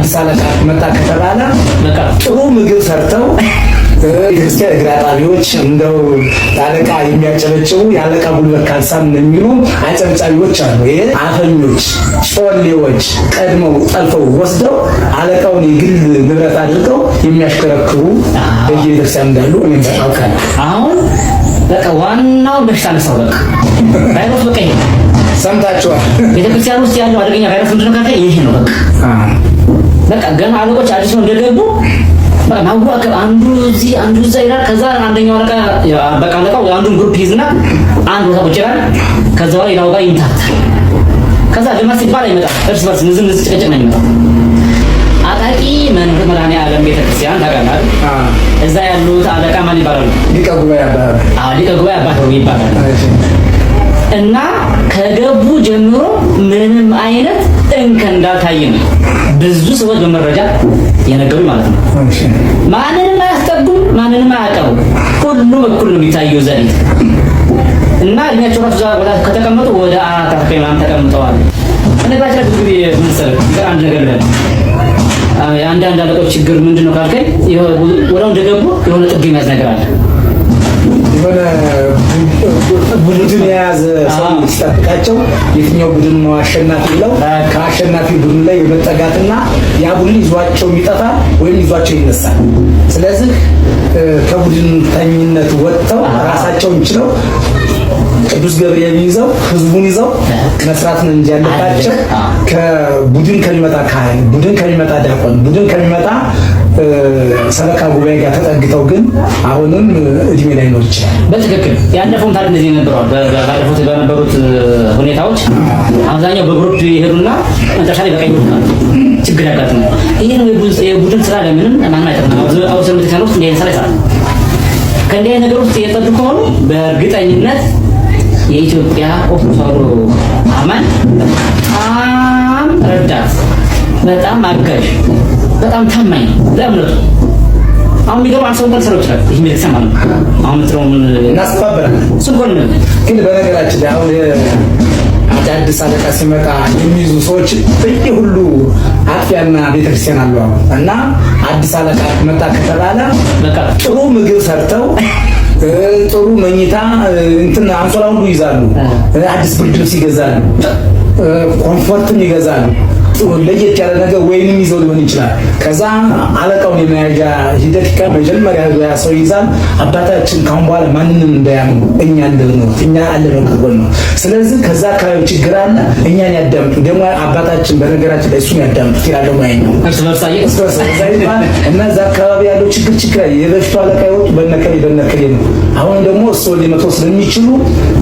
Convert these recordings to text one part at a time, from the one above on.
አዲስ አለቃ መጣ ከተባለ በቃ ጥሩ ምግብ ሰርተው ቤተክርስቲያን እግር አጣቢዎች እንደው ለአለቃ የሚያጨበጭቡ የአለቃ ጉልበት ካልሳም የሚሉ አጨብጫቢዎች አሉ። ይሄ አፈኞች፣ ጮሌዎች ቀድመው ጠልፈው ወስደው አለቃውን የግል ንብረት አድርገው የሚያሽከረክሩ በየቤተክርስቲያን እንዳሉ እኔም ታውቃለህ። አሁን በቃ ዋናው በሽታ ነሳው። በቃ ቫይረስ በቃ ሰምታችኋል። ቤተክርስቲያን ውስጥ ያለው አደገኛ ቫይረስ ምንድነው? ይሄ ነው በቃ በቃ ገና አለቆች አዲስ ነው እንደገቡ ማዋከብ አንዱ እዚህ አንዱ እዛ ይላል። ከዛ አንደኛው አለቃ በቃ አለቃው አንዱን ግሩፕ ይዝና አንድ ቦታ ቁጭ ይላል። ከዛ በኋላ ሌላው ጋር ይምታታል። ከዛ ደማ ሲባል አይመጣም። እርስ በርስ ንዝም ንዝ ጭቅጭቅ ነው የሚመጣው። አጣቂ መንፈስ መድኃኔ ዓለም ቤተክርስቲያን ታውቃለህ። እዛ ያሉት አለቃ ማን ይባላሉ? ሊቀ ጉባኤ አባታው። አዎ ሊቀ ጉባኤ አባታው ይባላል። እና ከገቡ ጀምሮ ምንም አይነት እንከን እንዳልታየ ነው ብዙ ሰዎች በመረጃ የነገሩ ማለት ነው። ማንንም አያስጠጉም፣ ማንንም አያቀቡም። ሁሉም እኩል ነው የሚታየው ዘዴ እና እድሜያቸው ራሱ ዛ ከተቀመጡ ወደ አራት አራት ምናምን ተቀምጠዋል። እነግራች ብዙ ጊዜ ምንሰር ይቀር አንድ ነገር ለ የአንዳንድ አለቆች ችግር ምንድን ነው ካልከኝ ወደው እንደገቡ የሆነ ጥግ የሚያዝ ነገር አለ የሆነ ቡድን የያዘ ሰው ሲጠብቃቸው የትኛው ቡድን ነው አሸናፊ ብለው ከአሸናፊ ቡድን ላይ የመጠጋትና ያ ቡድን ይዟቸው የሚጠፋ ወይም ይዟቸው ይነሳል። ስለዚህ ከቡድን ተኝነት ወጥተው ራሳቸውን ችለው ቅዱስ ገብርኤል ይዘው ህዝቡን ይዘው መስራት ነው እንጂ ያለባቸው ከቡድን ከሚመጣ ካህን፣ ቡድን ከሚመጣ ዲያቆን፣ ቡድን ከሚመጣ ሰበካ ጉባኤ ጋር ተጠግተው ግን አሁንም እድሜ ላይ ነው ይችላል። በትክክል ያለፈውን ታሪክ እንደዚህ ነበረዋል። ባለፉት በነበሩት ሁኔታዎች አብዛኛው በግሩፕ ይሄዱና መጨረሻ ላይ በቀኝ ችግር ያጋጥሙ። ይህን የቡድን ስራ ለምንም ማንም አይጠቅም። አውሰ ቤተክርስቲያን ውስጥ እንዲህ ስራ ይሰራል። ከእንዲህ ነገር ውስጥ የጠዱ ከሆኑ በእርግጠኝነት የኢትዮጵያ ኦርቶዶክስ አማን ረዳት በጣም አጋዥ፣ በጣም ታማኝ ለእምነቱ አሁን የሚገባ ሰው እንኳን ሰራው ይችላል። ይሄ ምን ተሰማ ነው? አሁን ትሮም እናስተባበራለን። ስንኮን ነው ግን በነገራችን ላይ አሁን አዳዲስ አለቃ ሲመጣ የሚይዙ ሰዎች ሁሉ አጥቢያና ቤተክርስቲያን አለው እና አዲስ አለቃ መጣ ከተባለ በቃ ጥሩ ምግብ ሰርተው ጥሩ መኝታ እንትን አንሶላ ሁሉ ይዛሉ። አዲስ ብርድ ልብስ ይገዛሉ። ኮምፎርትም ይገዛሉ። ለየት ያለ ነገር ወይንም ይዘው ሊሆን ይችላል። ከዛ አለቃውን የመያዣ ሂደት ቀ መጀመሪያ ሰው ይዛል። አባታችን ካሁን በኋላ ማንንም እንዳያምኑ እኛ እንደሆነ እኛ አለነው ነው። ስለዚህ ከዛ አካባቢ ችግር አለ፣ እኛን ያዳምጡ። ደግሞ አባታችን በነገራችን ላይ እሱን ያዳምጡት ይላለው ማለት ነው። እና እዛ አካባቢ ያለው ችግር ችግር የበፊቱ አለቃ ይወጡ በነከሌ በነከሌ ነው። አሁን ደግሞ እሱ ሊመቶ ስለሚችሉ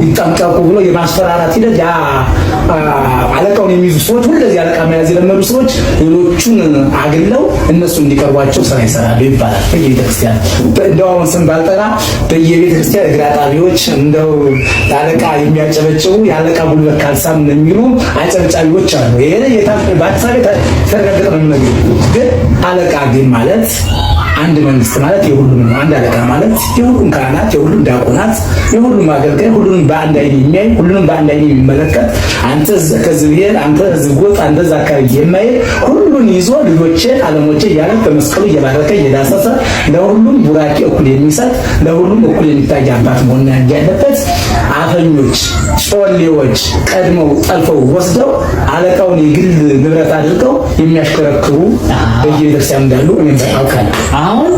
ይጠንቀቁ ብሎ የማስፈራራት ሂደት አለቃውን የሚይዙ ሰዎች ሁለዚህ አለቃ መያዝ መያዝ የለመዱ ሰዎች ሌሎቹን አግለው እነሱ እንዲቀርቧቸው ስራ ይሰራሉ ይባላል። በየቤተክርስቲያን እንደው አሁን ስም ባልጠራ በየቤተክርስቲያን እግር አጣቢዎች እንደው ያለቃ የሚያጨበጭቡ ያለቃ ጉልበት ካልሳም የሚሉ አጨብጫቢዎች አሉ። ይሄ በአዲስ አበባ የተረጋገጠ ነው። ግን አለቃ ግን ማለት አንድ መንግስት ማለት የሁሉም ነው። አንድ አለቃ ማለት የሁሉም ካህናት፣ የሁሉም ዲያቆናት፣ የሁሉም አገልጋይ፣ ሁሉንም በአንድ አይን የሚያይ ሁሉንም በአንድ አይን የሚመለከት አንተ ከዚህ ብሔር አንተ እዚህ አንተ እዚያ አካባቢ የማይል ሁሉ ሁሉን ይዞ ልጆቼ አለሞቼ እያለ በመስቀሉ እየባረከ እየዳሰሰ ለሁሉም ቡራኬ እኩል የሚሰጥ ለሁሉም እኩል የሚታይ አባት መሆን ያለበት። አፈኞች፣ ጮሌዎች ቀድመው ጠልፈው ወስደው አለቃውን የግል ንብረት አድርገው የሚያሽከረክሩ በየቤተክርስቲያኑ እንዳሉ እኔም ታውቃለህ። አሁን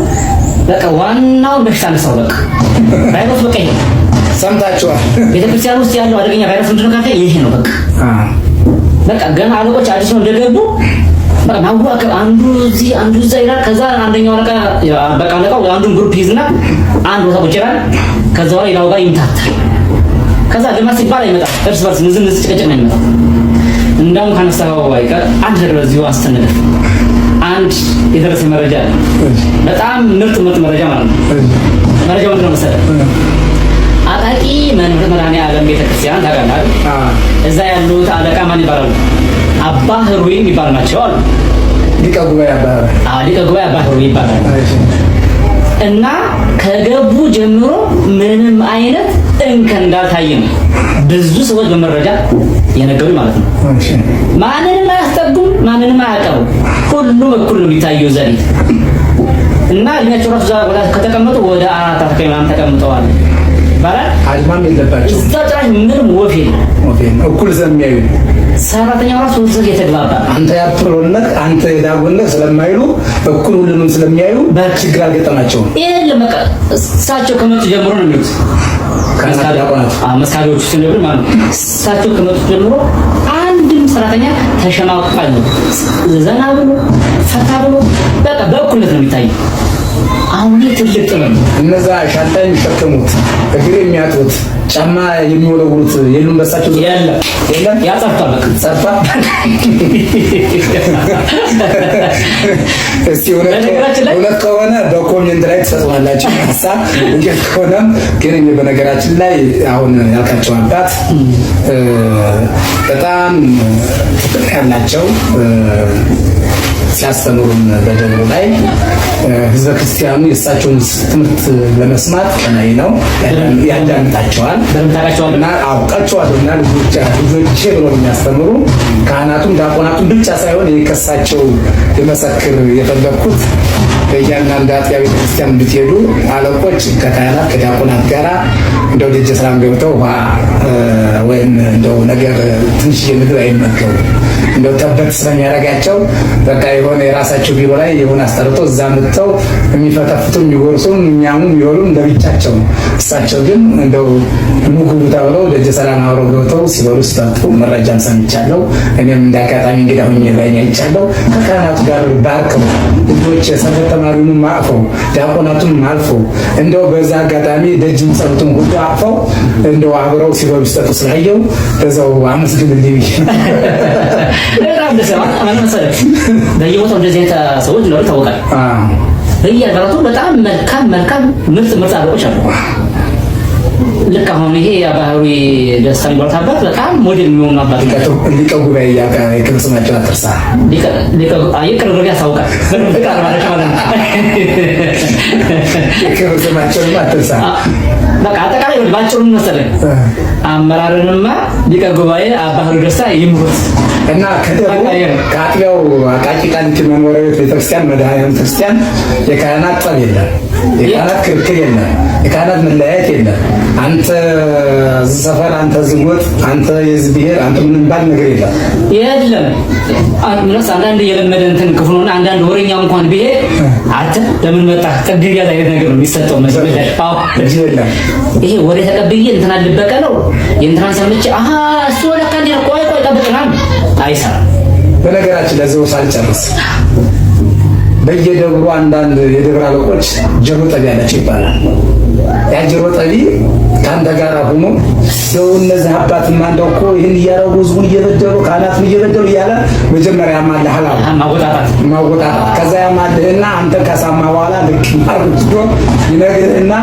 በቃ ዋናው በሽታ ለሰው በቃ ቫይረስ በቃ ሰምታችኋል። ቤተክርስቲያን ውስጥ ያለው አደገኛ ቫይረስ ምንድነው? ካለ ይሄ ነው በቃ በቃ ገና አለቆች አዲስ ነው እንደገቡ ማዋከብ አንዱ እዚህ አንዱ እዛ ይላል። ከዛ አንደኛው አለቃ በቃ አለቃው አንዱን ግሩፕ ይዝና አንድ ቦታ ቁጭ ይላል። ከዛ ላይ ሌላው ጋር ይምታታል። ከዛ ደማ ሲባል አይመጣም። እርስ በርስ ንዝም ንዝ ጭቅጭቅ ነው የሚመጣው። እንዳውም ካነሳው አይቀር አንድ ነገር በዚሁ አስተነደ አንድ የደረሰ መረጃ በጣም ምርጥ ምርጥ መረጃ ማለት ነው። መረጃው ምንድን ነው መሰለህ? አቃቂ መድኃኔዓለም ቤተክርስቲያን ታውቃለህ? እዛ ያሉት አለቃ ማን ይባላሉ? አባ ህሩዌ የሚባል ናቸው አሉ። ሊቀ ጉባኤ አባ ህሩዌ ይባላል እና ከገቡ ጀምሮ ምንም አይነት እንከን እንዳልታየ ነው ብዙ ሰዎች በመረጃ የነገሩኝ ማለት ነው። ማንንም አያስጠጉም፣ ማንንም አያቀሩ፣ ሁሉም እኩል ነው የሚታየው ዘዴ እና እድሜያቸው ራሱ ከተቀመጡ ወደ አራት አካባቢ ምናምን ተቀምጠዋል። ይባላል። አድማም የለባቸው እዛ ጭራሽ ምንም ወፍ የለም። እኩል ስለሚያዩ ሰራተኛው ራሱ ወዘግ የተግባባ አንተ የአፕሮነት አንተ የዳጎነት ስለማይሉ እኩል ሁሉንም ስለሚያዩ ችግር አልገጠማቸውም። ይህን እሳቸው ከመጡ ጀምሮ ነው የሚሉት መስካሪዎቹ ስንብል ማለት እሳቸው ከመጡ ጀምሮ አንድም ሰራተኛ ተሸማቋል ዘና ብሎ ፈታ ብሎ በቃ በእኩልነት ነው የሚታየው። አሁን ትልቅ ጥበብ ነው። እነዛ ሻንጣ የሚሸከሙት እግር የሚያጡት ጫማ የሚወለውሉት የሉም። በሳቸው ያለ የለም። ያ ጸፋ በቃ እስቲ እውነት ከሆነ በኮሜንት ላይ ትሰጥዋላችሁ ሀሳብ፣ ውሸት ከሆነም ግን እኔ በነገራችን ላይ አሁን ያልካቸው አባት በጣም ፍቅር ያላቸው ሲያስተምሩን በደብሩ ላይ ህዝበ ክርስቲያኑ የእሳቸውን ትምህርት ለመስማት ቀናይ ነው ያዳምጣቸዋል። እና አውቃቸዋል እና ልጆቼ ብሎ የሚያስተምሩ ካህናቱም ዲያቆናቱም ብቻ ሳይሆን የከሳቸው የመሰክር የፈለግኩት በእያንዳንዱ አጥቢያ ቤተክርስቲያን ብትሄዱ አለቆች ከካህናት ከዲያቆናት ጋራ እንደው ደጀ ሰላም ገብተው ውሃ ወይም እንደው ነገር ትንሽ የምግብ አይመገቡ። እንደው ጠበት ስለሚያደርጋቸው በቃ የሆነ የራሳቸው ቢሮ ላይ የሆነ አስጠርቶ እዛ ምጥተው የሚፈተፍቱ የሚጎርሱም የሚያሙ የሚወሉ ለብቻቸው ነው። እሳቸው ግን እንደው ምግቡ ተብለው ደጀ ሰላም አብረው ገብተው ሲበሉ ሲጠጡ መረጃም ሰምቻለሁ። እኔም እንዳጋጣሚ እንግዳ ሁኜ ላይ አይቻለሁ። ከካህናቱ ጋር ባርክ ነው ልጆች ሰፈተ ተማሪውንም አቅፈው ዲያቆናቱን አልፈው እንደው በዛ አጋጣሚ ደጅ የሚጸሩትን ሁሉ አቅፈው እንደው አብረው ሲበሉ ሲጠጡ ስላየው በዛው አመስግንልኝ። በየቦታው እንደዚህ አይነት ሰዎች ይታወቃል። በጣም መልካም መልካም ምርጥ ምርጥ አለቆች አሉ። ልክ አሁን ይሄ የባህሪ በጣም ሞዴል የሚሆኑ አባት ሊቀ ጉባኤ አትርሳ ቃል ማለት ማለት ነው። አትርሳ። በቃ አጠቃላይ ባጭሩ መሰለኝ አመራርንማ ሊቀ ጉባኤ ደስታ ይምሩት እና ከአጥቢያው አቃቂ ቃሊቲ መኖሪያ ቤት ቤተክርስቲያን መድኃኔዓለም ቤተክርስቲያን የካህናት ጠብ የለም የቃላት ክርክር የለም፣ የቃላት መለያየት የለም። አንተ እዚህ ሰፈር፣ አንተ እዚህ ጎጥ፣ አንተ የዚህ ብሔር፣ አንተ ምንም ባል ነገር የለም የለም። ምነስ አንዳንድ የለመደ እንትን ክፍል ሆነ አንዳንድ ወሬኛ እንኳን ብሔር አንተ ለምን መጣ ቅድም ያለ አይነት ነገር የሚሰጠው። መጀመሪያ የለም ይሄ ወሬ ተቀብዬ እንትና ልበቀ ነው የእንትናን ሰምቼ አሀ እሱ ለካ እንዲህ ቆይ ቆይ ጠብቅናም አይሰራም። በነገራችን ለዚው ሳልጨርስ በየደብሩ አንዳንድ የደብር አለቆች ጆሮ ጠቢያ ናቸው ይባላል። የአጀሮ ጠቢ ከአንተ ጋር ሆኖ ሰው እነዚህ አባት አንደው እኮ ይህን እያረጉ ህዝቡን እየበደሉ ካህናቱን እየበደሉ እያለ መጀመሪያ ያማልህ አላ ማወጣጣት ከዛ ያማልህና አንተ ከሳማ በኋላ ልክ አርግዶ ይነግርህና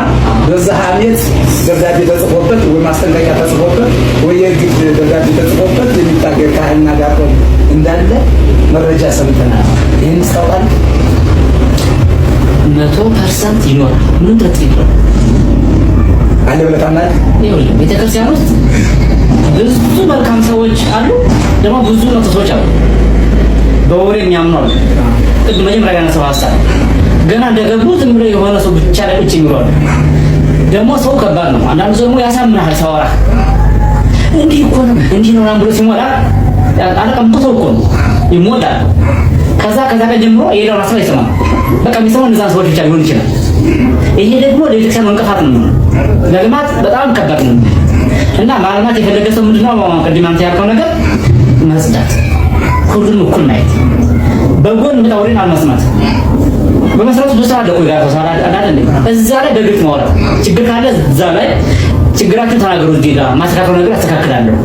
በዛ አሜት ደብዳቤ ተጽፎበት ወይ ማስጠንቀቂያ ተጽፎበት ወይ የግድ ደብዳቤ ተጽፎበት የሚታገር ካህልና ጋር እንዳለ መረጃ ሰምተናል። ይህን ይስታውቃል መቶ ፐርሰንት ይኖራል። ምንም ጥርጥር የለውም። አንድ ብለህ ታምናለህ? ይኸውልህ ቤተክርስቲያን ውስጥ ብዙ መልካም ሰዎች አሉ፣ ደግሞ ብዙ መጥፎ ሰዎች አሉ። በወሬ የሚያምኑ አሉ። ቅድም መጀመሪያ ያነሳው ሀሳብ ገና እንደገቡ ዝም ብሎ የሆነ ሰው ብቻ ላይ ቁጭ የሚሉ ደግሞ ሰው ከባድ ነው። አንዳንዱ ሰው ደግሞ ያሳምናል። ሰዋራ እንዲህ እኮ ነው እንዲህ ነው ብሎ ሲሞላ አለቀምቶ ሰው እኮ ነው ይሞላል። ከዛ ከዛ ቀን ጀምሮ የሄደውን ሀሳብ አይሰማም። በቃ የሚሰማው እነዛን ሰዎች ብቻ ሊሆን ይችላል። ይሄ ደግሞ ለቤተክርስቲያን እንቅፋት ነው፣ ለልማት በጣም ከባድ ነው እና ማልማት የፈለገ ሰው ምንድነው ቅድም አንተ ያልከው ነገር መጽዳት፣ ሁሉንም እኩል ማየት፣ በጎን ምጣውሪን አልመስማት። በመሰረቱ ብዙ ስራ አለ እኮ ጋር ተሰራ አዳለ እዛ ላይ በግልጽ ማውራት ችግር ካለ እዛ ላይ ችግራችሁ ተናገሩ። እዚህ ጋር ማስተካከሉ ነገር አስተካክላለሁ